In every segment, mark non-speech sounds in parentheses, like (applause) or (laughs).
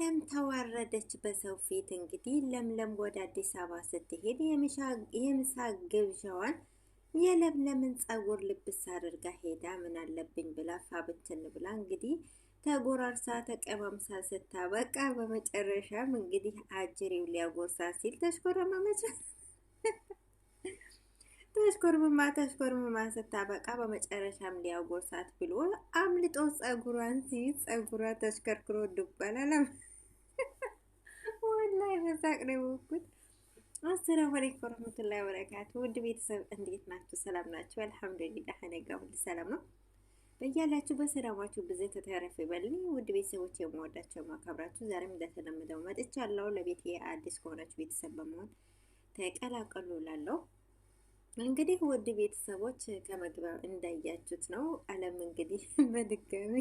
አለም ተዋረደች በሰው ፊት። እንግዲህ ለምለም ወደ አዲስ አበባ ስትሄድ የምሳ ግብዣዋን የለምለምን ጸጉር ልብስ አድርጋ ሄዳ ምን አለብኝ ብላ ፋብትን ብላ እንግዲህ ተጎራርሳ ተቀማምሳ ስታበቃ በመጨረሻም እንግዲህ አጅሬው ሊያጎርሳ ሲል ተሽኮረመመች። ተሽኮርምማ ተሽኮርምማ ስታበቃ በመጨረሻም ሊያጎርሳት ብሎ አምልጦ ጸጉሯን ሲይዝ ጸጉሯ ተሽከርክሮ ዱባላለም። ወላሂ በዛ ቅደቡኩት። አሰላሙ አለይኩም ወረህመቱላሂ ወበረካቱ። ውድ ቤተሰብ እንዴት ናችሁ? ሰላም ናችሁ? አልሐምዱሊላህ ነጋ ሁሉ ሰላም ነው። በያላችሁ በሰላማችሁ ብዙ ተተረፈ ይበልኝ። ውድ ቤተሰቦች የምወዳቸው ማከብራችሁ፣ ዛሬም እንደተለመደው መጥቻለሁ። ለቤት አዲስ ከሆናችሁ ቤተሰብ በመሆን ተቀላቀሉ እላለሁ። እንግዲህ ውድ ቤተሰቦች ከመግቢያ እንዳያችሁት ነው አለም እንግዲህ (laughs) በድጋሚ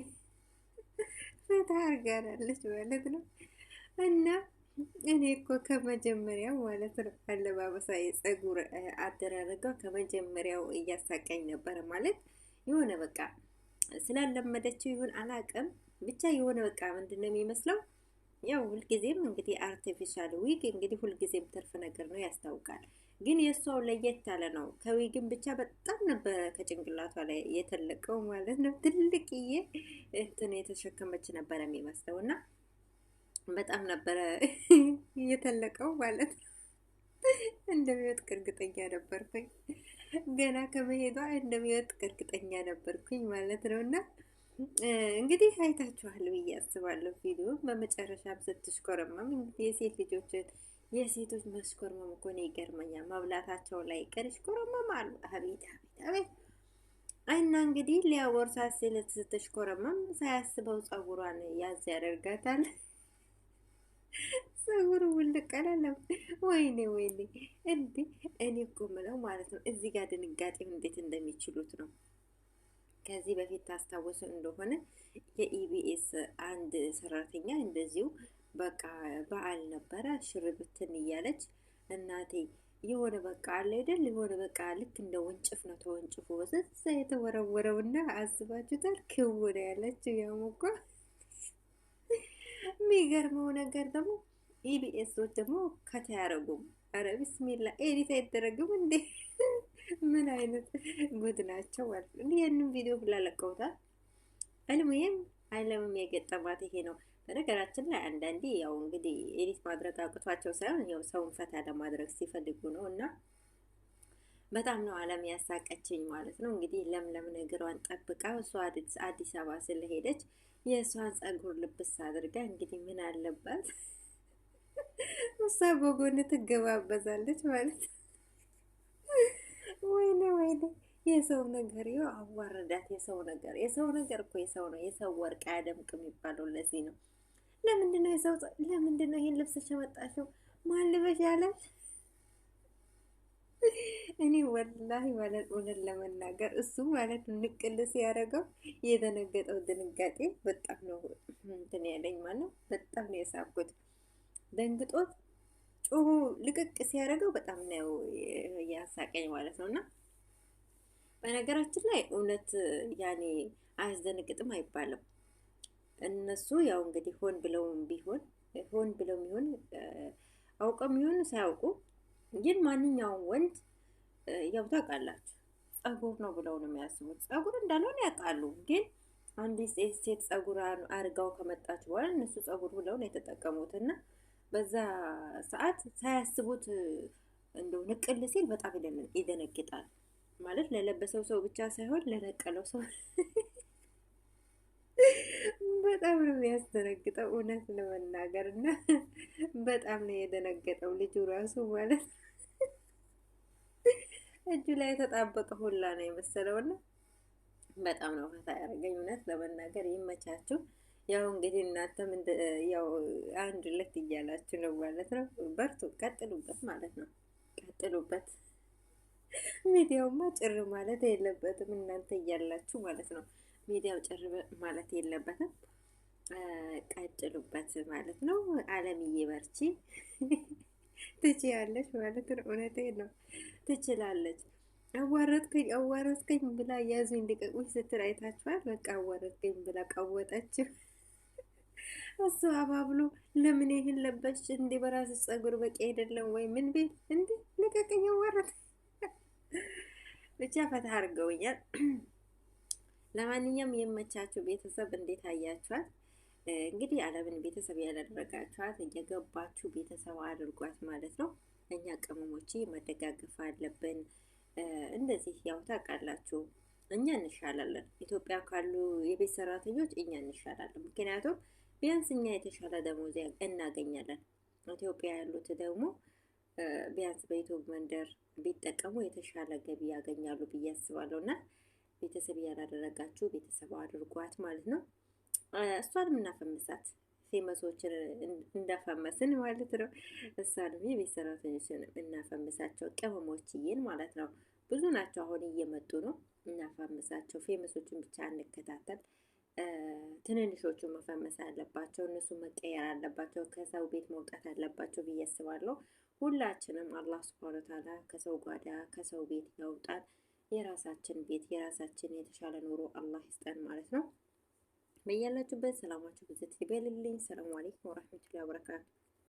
ፈታ አድርጋናለች ማለት ነው እና እኔ እኮ ከመጀመሪያው ማለት ነው አለባበሳ የጸጉር አደራረገው ከመጀመሪያው እያሳቀኝ ነበረ። ማለት የሆነ በቃ ስላለመደችው ይሁን አላቅም፣ ብቻ የሆነ በቃ ምንድን ነው የሚመስለው ያው ሁልጊዜም እንግዲህ አርቲፊሻል ዊግ እንግዲህ ሁልጊዜም ትርፍ ነገር ነው ያስታውቃል። ግን የእሷው ለየት ያለ ነው። ከዊግም ብቻ በጣም ነበረ ከጭንቅላቷ ላይ የተለቀው ማለት ነው ትልቅዬ እንትን የተሸከመች ነበረ የሚመስለው እና በጣም ነበረ እየተለቀው ማለት ነው። እንደሚወጥቅ እርግጠኛ ነበርኩኝ። ገና ከመሄዷ እንደሚወጥቅ እርግጠኛ ነበርኩኝ ማለት ነው። እና እንግዲህ አይታችኋል ብዬ አስባለሁ። ቪዲዮ በመጨረሻም ኮረማም እንግዲህ የሴት ልጆችን የሴቶች መሽኮርመም እኮ ነው ይገርመኛል። መብላታቸው ላይ ቀርሽ ይሽኮረመም አሉ። አቤት አቤት አቤት እና እንግዲህ ሊያወርሳት ስትሽኮረመም ሳያስበው ጸጉሯን ያዝ ያደርጋታል። ፀጉሩ ውልቅ አላለ። ወይኔ ወይኔ! እንዴ እኔ እኮ የምለው ማለት ነው እዚህ ጋር ድንጋጤው እንዴት እንደሚችሉት ነው። ከዚህ በፊት ታስታወሱ እንደሆነ የኢቢኤስ አንድ ሰራተኛ እንደዚሁ በቃ በዓል ነበረ ሽርብትን እያለች እናቴ የሆነ በቃ አለ አይደል የሆነ በቃ ልክ እንደ ወንጭፍ ነው ተወንጭፎ በዛ የተወረወረውና አስባችሁታል ነው ያለችው ያሞኳ የሚገርመው ነገር ደግሞ ኢቢኤሶች e ደግሞ ከተያረጉም አረ ቢስሚላ ኤዲት አይደረግም እንዴ! (laughs) ምን አይነት ጉድ ናቸው ማለት ነው። ይህንን ቪዲዮ ብላ ለቀውታል። አልሙዬም አለምም የገጠማት ይሄ ነው። በነገራችን ላይ አንዳንዴ ያው እንግዲህ ኤዲት ማድረግ አቅቷቸው ሳይሆን ያው ሰውን ፈታ ለማድረግ ሲፈልጉ ነው እና በጣም ነው አለም ያሳቀችኝ ማለት ነው። እንግዲህ ለምለም ነገሯን ጠብቃ እሷ አዲስ አበባ ስለሄደች የእሷን ጸጉር ልብስ አድርጋ እንግዲህ ምን አለባት እሷ በጎን ትገባበዛለች ማለት ወይኔ ወይኔ የሰው ነገር ይኸው አዋረዳት። የሰው ነገር የሰው ነገር እኮ የሰው ነው። የሰው ወርቅ አያደምቅ የሚባለው ለዚህ ነው። ለምንድነው የሰው ለምንድነው ይህን ልብስ ሸመጣሽው ማን ልበሽ ያለሽ እኔ ወላሂ ማለት እውነት ለመናገር እሱ ማለት ንቅል ሲያደርገው የደነገጠው ድንጋጤ በጣም ነው እንትን ያለኝ ማለት ነው። በጣም ነው የሳብኩት። ደንግጦት ጮሁ ልቅቅ ሲያደርገው በጣም ነው ያሳቀኝ ማለት ነው። እና በነገራችን ላይ እውነት ያኔ አያስደንግጥም አይባልም። እነሱ ያው እንግዲህ ሆን ብለውም ቢሆን ሆን ብለው ሚሆን አውቀው ሚሆን ሳያውቁ ግን ማንኛውም ወንድ ያው ታውቃላችሁ ጸጉር ነው ብለው ነው የሚያስቡት። ጸጉር እንዳልሆነ ያውቃሉ፣ ግን አንዲት ሴት ጸጉር አርጋው ከመጣች በኋላ እነሱ ጸጉር ብለው ነው የተጠቀሙት እና በዛ ሰዓት ሳያስቡት እንደው ንቅል ሲል በጣም ይደነግጣል። ማለት ለለበሰው ሰው ብቻ ሳይሆን ለነቀለው ሰው (laughs) በጣም ነው የሚያስደነግጠው እውነት ለመናገር እና በጣም ነው የደነገጠው ልጁ ራሱ ማለት እጁ ላይ የተጣበቀ ሁላ ነው የመሰለው ና በጣም ነው ፈታ ያደረገኝ። እውነት ለመናገር ይመቻችሁ። ያው እንግዲህ እናንተም ያው አንድ ለት እያላችሁ ነው ማለት ነው። በርቱ፣ ቀጥሉበት ማለት ነው። ቀጥሉበት። ሚዲያውማ ጭር ማለት የለበትም እናንተ እያላችሁ ማለት ነው። ሚዲያው ጭር ማለት የለበትም። ቀጥሉበት ማለት ነው። አለምዬ በርቺ። ትችያለሽ ማለት ነው። እውነቴ ነው፣ ትችላለች። አዋረድከኝ አዋረድከኝ ብላ ያዙኝ ልቀቁኝ ስትል አይታችኋል። በቃ አዋረድከኝ ብላ ቀወጠችው። (laughs) እሱ አባብሎ ለምን ይህን ለበሽ እንዴ? በራስ ጸጉር በቂ አይደለም ወይ? ምን ቤል እንዴ? ልቀቅኝ፣ አዋረድ (laughs) ብቻ ፈታ አድርገውኛል። (clears throat) ለማንኛውም የመቻችሁ ቤተሰብ እንዴት አያችኋል? እንግዲህ አለምን ቤተሰብ ያላደረጋችኋት እየገባችሁ ቤተሰብ አድርጓት ማለት ነው። እኛ ቅመሞቼ መደጋገፍ አለብን። እንደዚህ ያው ታውቃላችሁ፣ እኛ እንሻላለን። ኢትዮጵያ ካሉ የቤት ሰራተኞች እኛ እንሻላለን። ምክንያቱም ቢያንስ እኛ የተሻለ ደሞዝ እናገኛለን። ኢትዮጵያ ያሉት ደግሞ ቢያንስ በኢትዮ መንደር ቢጠቀሙ የተሻለ ገቢ ያገኛሉ ብዬ አስባለሁ። እና ቤተሰብ ያላደረጋችሁ ቤተሰብ አድርጓት ማለት ነው። እሷን እናፈምሳት ፌመሶችን እንዳፈመስን ማለት ነው። እሷንም የቤት ሰራተኞችን እናፈምሳቸው ቅመሞችዬን ማለት ነው። ብዙ ናቸው፣ አሁን እየመጡ ነው። እናፈምሳቸው። ፌመሶችን ብቻ እንከታተል። ትንንሾቹ መፈመስ አለባቸው። እነሱ መቀየር አለባቸው። ከሰው ቤት መውጣት አለባቸው ብዬ አስባለሁ። ሁላችንም አላህ ስብሐነ ተዓላ ከሰው ጓዳ ከሰው ቤት ያውጣል። የራሳችን ቤት የራሳችን የተሻለ ኑሮ አላህ ይስጠን ማለት ነው። በያላችሁበት ሰላማችሁ ብዘት ይበልልኝ። ሰላም አለይኩም ወራህመቱላሂ ወበረካቱ።